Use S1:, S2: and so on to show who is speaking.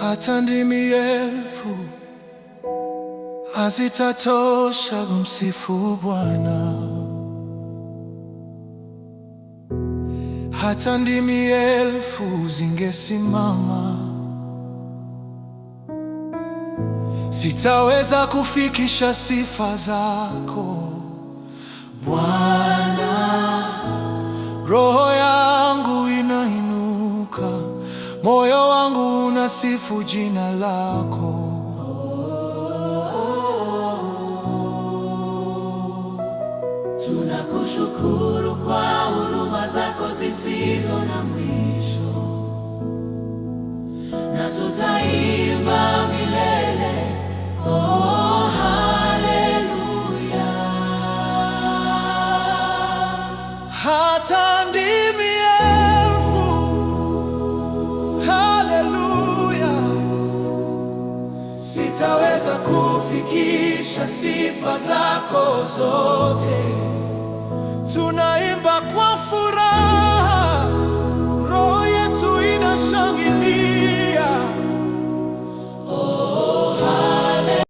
S1: Hata ndimi elfu hazitatosha kumsifu Bwana, hata ndimi elfu zingesimama sitaweza kufikisha sifa zako Bwana. Roho yangu inainuka, moyo wangu unasifu jina lako.
S2: Tunakushukuru kwa huruma zako zisizo na mwisho.
S1: hata elfu. Haleluya,
S2: sitaweza kufikisha sifa zako zote,
S1: tunaimba kwa